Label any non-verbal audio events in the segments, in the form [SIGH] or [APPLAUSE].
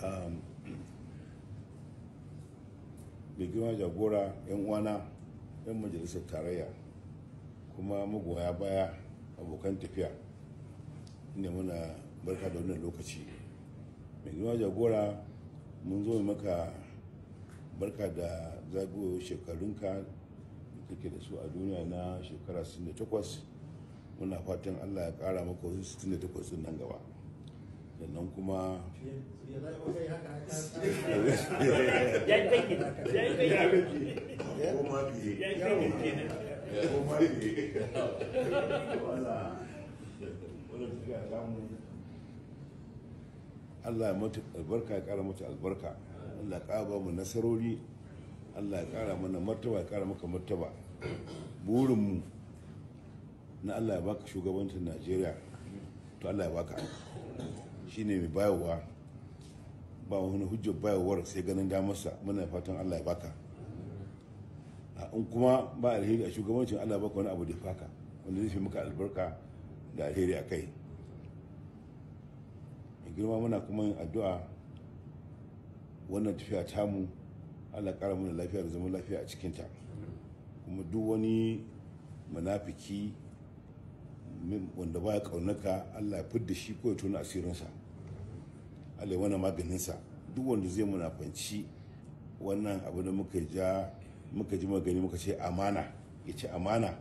da um, jagora 'yan uwana 'yan majalisar tarayya kuma magoya baya abokan tafiya inda muna barka da wannan lokaci mai jagora mun zo maka barka da zagoyo shekarunka da kake da su a duniya na shekara 68 muna fatan allah ya kara maka wasu 68 nan gaba sannan kuma [LAUGHS] Allah albarka ya kara mata albarka Allah ya ba mu nasarori Allah ya kara mana martaba ya kara maka martaba burinmu na Allah ya baka shugabantar Najeriya to Allah ya baka shine mai bayarwa ba wani hujjar bayarwar sai ganin damarsa muna fatan Allah ya baka in kuma ba alheri a shugabancin Allah baka wani abu da faka wanda zai fi maka albarka da alheri a kai mai girma muna kuma yin addu'a wannan tafiya tamu Allah kara mana lafiya da zama lafiya a cikinta kuma duk wani munafiki wanda baya kaunaka Allah ya da shi ko ya tona asirinsa Allah wannan maganinsa duk wanda zai munafanci wannan abu da muka ja muka ji magani muka ce amana ya ce amana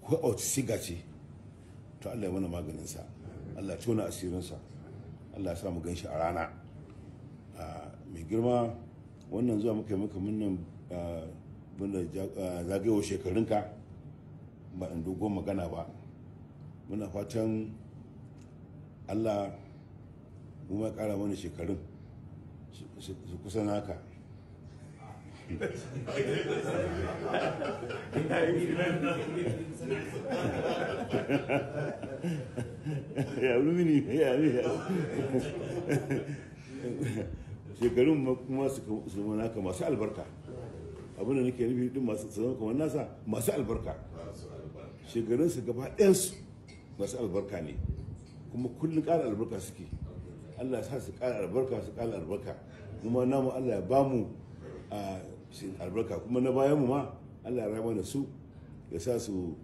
ko a siga ce to Allah ya mana maganinsa Allah ya tona asirinsa Allah ya sa mu ganshi a rana mai girma wannan zuwa muka yi muka munnan bunda zagayewar shekarunka ba in dogon magana ba muna fatan Allah mu ma kara mana shekarun su kusa naka ya rumini ya shekarun kuma su zama naka masu albarka abin da nake nufi duk masu zama kamar nasa masu albarka shekarun su gaba ɗayansu masu albarka ne kuma kullum ƙara albarka suke Allah sa su kara albarka su kara albarka kuma namu Allah ya bamu albarka kuma na mu ma Allah ya rama da su ya sa su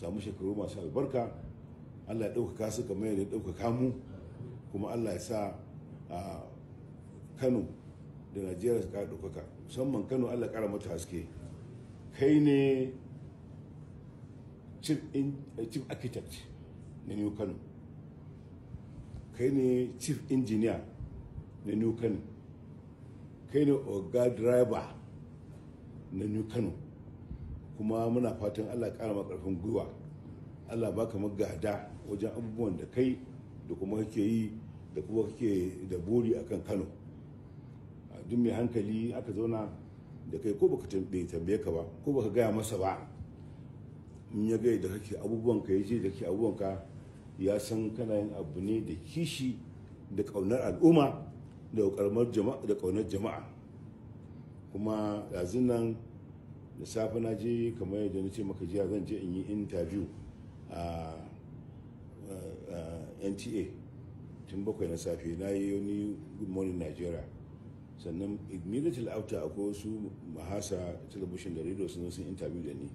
samu shekaru masu albarka Allah ya ɗaukaka su kamar yadda ya ɗaukaka mu kuma Allah ya sa a Kano da Najeriya su kara ɗaukaka musamman Kano Allah ya ƙara mata haske kai ne chief architect na New Kano kai ne chief engineer na new kano kai ne oga driver na new kano kuma muna fatan allah kara ma karfin gwiwa allah baka magada wajen abubuwan da kai da kuma kake yi da kuma kake da buri akan kano duk mai hankali aka zauna da kai ko baka tambaye ka ba ko baka gaya masa ba in ya gaya da kake abubuwan ka ya ce da kake abubuwan ka ya san kana yin abu ne da kishi da kaunar al'umma da kaunar jama'a kuma yanzu nan da safe na je kamar yadda na ce maka jiya zan je in yi interview a nta tun bakwai na safe na yi wani good morning nigeria sannan immediately after akwai wasu mahasa talabishin da radio sun sun interview da ni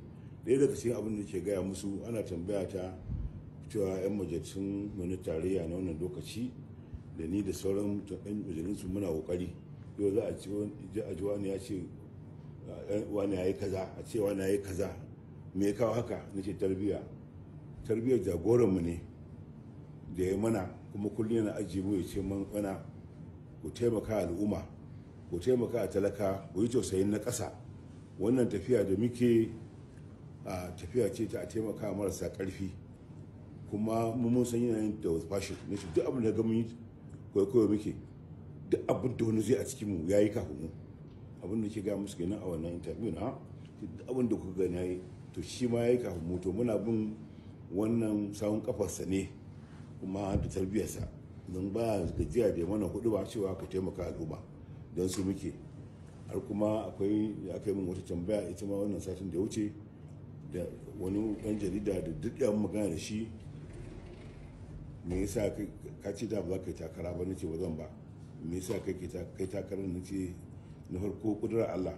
yadda daga cikin abin da ke gaya musu ana tambaya ta cewa 'yan majalisun na tarayya na wannan lokaci da ni da sauran 'yan majalisun muna kokari yau za a ci wani ya ce wani ya yi kaza a ce wani ya yi kaza me kawo haka na ce tarbiyya tarbiyyar mu ne da ya mana kuma kullum yana ajiye mu ya ce mana ku taimaka al'umma ku taimaka a talaka ku yi tausayin na ƙasa wannan tafiya da muke tafiya ce ta taimaka marasa ƙarfi kuma mun san yanayin da was fashion ne shi duk abin da ga mun kwaikwayo muke duk abin da wani zai a cikin mu yayi kafin mu abin da ke ga musu kenan a wannan interview na duk abin da kuka gani yayi to shi ma yayi kafin mu to muna bin wannan sawun kafarsa ne kuma da tarbiyarsa don ba gajiya da mana kudu ba cewa ka taimaka al'umma don su muke har kuma akwai da aka yi min wata tambaya ita ma wannan satin da ya wuce da wani ɗan jarida da duk magana da shi me yasa ka ce da ba ka yi takara ba nace ba zan ba me yasa kai kai takara nace na farko kudurar Allah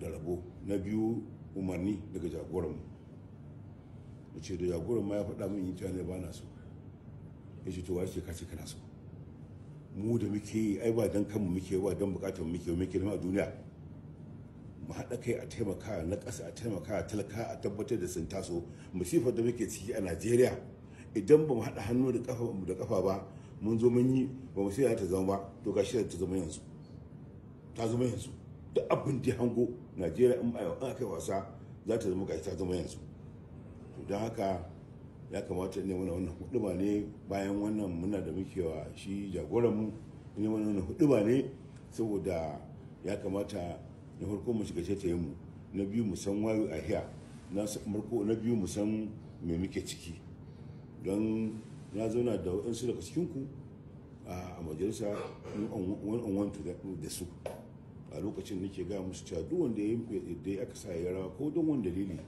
da rabo na biyu umarni daga jagoran mu nace da jagoran ma ya faɗa min yin ne ba na so yace to wace ka ce kana so mu da muke ai ba dan kanmu muke ba dan bukatar muke muke a duniya mu haɗa kai a taimaka na ƙasa a taimaka a talaka a tabbatar da sun taso musifar da muke ciki a najeriya idan ba mu haɗa hannu da kafa da kafa ba mun zo mun yi ba mu sai ta zama ba to gashi da ta zama yanzu ta zama yanzu da abin da hango Najeriya in ba kai wasa za ta zama gashi ta zama yanzu to don haka ya kamata ne wannan wannan huduma ne bayan wannan muna da muke wa shi jagoranmu ne wannan huduma ne saboda ya kamata na farko mu shiga yi mu na biyu mu san wayo a hiya na biyu mu san me muke ciki don na zauna da waɗansu daga cikinku a majalisa wani on one da su a lokacin nake gaya musu cewa duk wanda ya yi aka sa ya rawa ko don wani dalili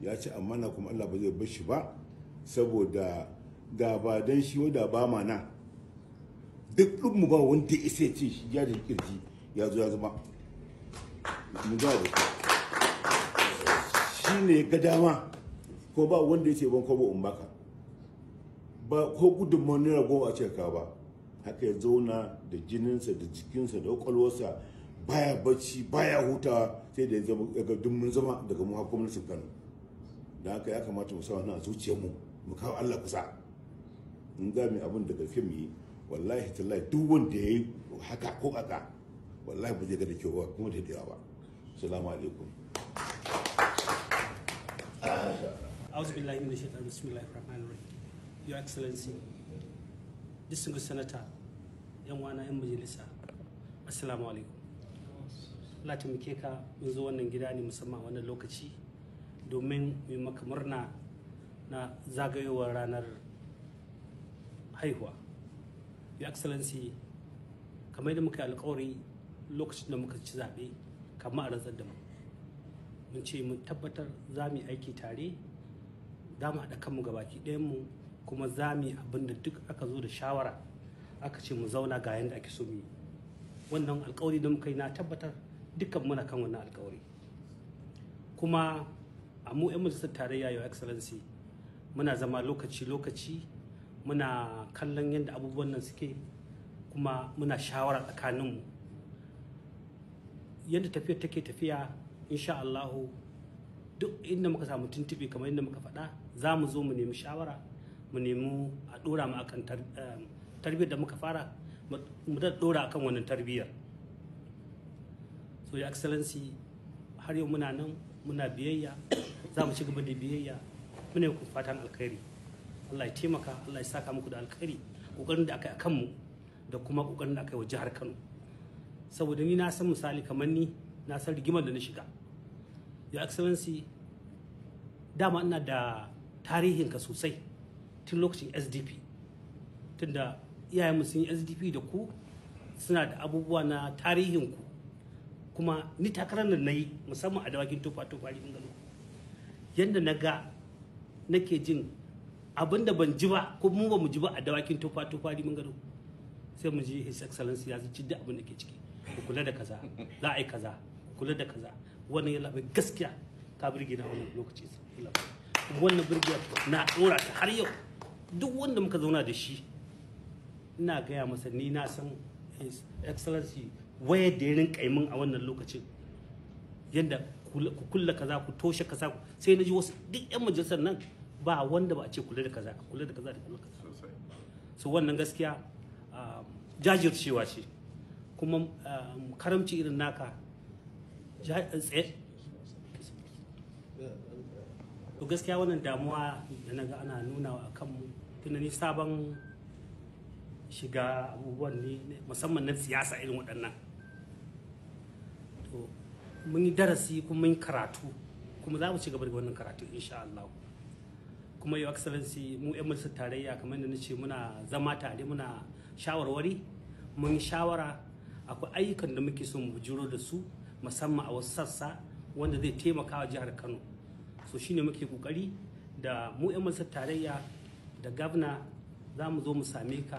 ya ci na kuma Allah ba zai bar shi ba saboda da ba dan shi da ba na duk duk mu ba wanda ya isa ce shi ya kirji ya zo ya zama mu ga da shi ne ga dama ko ba wanda ya ce ban kwabo in ba ko gudunmawar naira goma a cika ba haka ya zauna da jininsa da jikinsa da kwakwalwarsa baya bacci baya hutawa sai da ya ga dummin zama daga mu gwamnatin kano da haka ya kamata mu na zuciya mu mu kawo allah kusa in za mu abin da gaske mu yi wallahi tallahi duk wanda ya yi haka ko haka wallahi ba zai ga da kyau ba kuma da yawa ba assalamu alaikum أعوذ بالله من الشيطان بسم الله الرحمن الرحيم Your Excellency, distinguished Senator, yan wana yan majalisa, Assalamu alaikum. Allah taimake ka mun zo wannan gida ne musamman wannan lokaci domin mu maka murna na zagayowar ranar haihuwa. Your Excellency, kamar da muka alkawari lokacin da muka ci zaɓe kamar a rantsar da mu. Mun ce mun tabbatar za mu yi aiki tare, za mu haɗa kanmu gabaki ɗayan mu kuma za mu yi abin da duk aka zo da shawara aka ce mu zauna ga yadda ake so mu yi wannan alkawari da muka yi na tabbatar dukkan muna kan wannan alkawari kuma a mu 'yan majalisar tarayya yau excellency muna zama lokaci-lokaci muna kallon yadda abubuwan nan suke kuma muna shawara tsakanin mu. yadda tafiyar take tafiya insha Allahu duk inda muka samu tuntuɓe kamar inda muka faɗa za mu zo mu nemi shawara mu nemi a dora mu akan eh, tarbiyyar da muka fara mu da dora akan wannan tarbiyyar so your excellency har yau muna nan muna biyayya za mu ci gaba da biyayya muna yi fatan alkhairi Allah ya taimaka Allah ya saka muku da alkhairi kokarin da aka yi kanmu da kuma kokarin da aka yi wa jihar Kano saboda ni na san misali kamar ni na san rigimar da na shiga your excellency dama ina da tarihinka sosai tun lokacin sdp tunda mu sun yi sdp da ku suna da abubuwa na tarihin ku kuma ni takarar da na yi musamman a dawakin tufa tufa rifin gano yadda na ga nake jin abin da ban ji ba ko mu ba mu ji ba a dawakin tufa tufa rifin gano sai mu ji his excellence ya ci da abin da ke ciki kula da kaza za a yi kaza kula da kaza wannan ya bai gaskiya ka birgina wannan lokaci wannan birgiya na dora ta har yau duk wanda muka zauna da shi ina gaya masa ni na san his excellency waye da ya kaimin a wannan lokacin yadda ku kulla kaza ku toshe kaza sai na ji wasu duk yan majalisar nan ba wanda ba a ce kula da kaza kula da kaza da kula kaza so wannan gaskiya um, jajircewa ce kuma um, karamci irin naka to gaskiya wannan damuwa da na ga ana nuna a kanmu tunani sabon shiga abubuwan ne musamman na siyasa irin waɗannan to mun yi darasi kuma mun karatu kuma za mu ci gaba da wannan karatu insha Allah kuma yau excellency mu yan majalisar tarayya kamar da nace muna zama tare muna shawarwari mun shawara akwai ayyukan da muke so mu bujuro da su musamman a wasu sassa wanda zai taimaka wa jihar Kano so shine muke kokari da mu yan majalisar tarayya da gavna za mu zo mu same ka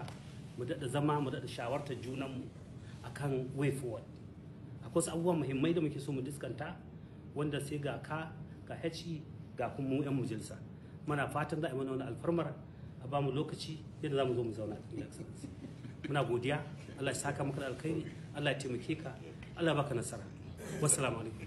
mu daɗa zama mu daɗa shawartar junanmu a kan way forward akwai wasu abubuwa muhimmai da muke so mu diskanta wanda sai ga ka ga he ga kuma mu 'yan mujilsa muna fatan za a yi mana wani alfarmar a ba mu lokaci yadda za mu zo mu zauna muna godiya Allah ya saka maka da alkhairi Allah ya taimake ka Allah ya baka nasara wassalamu alaikum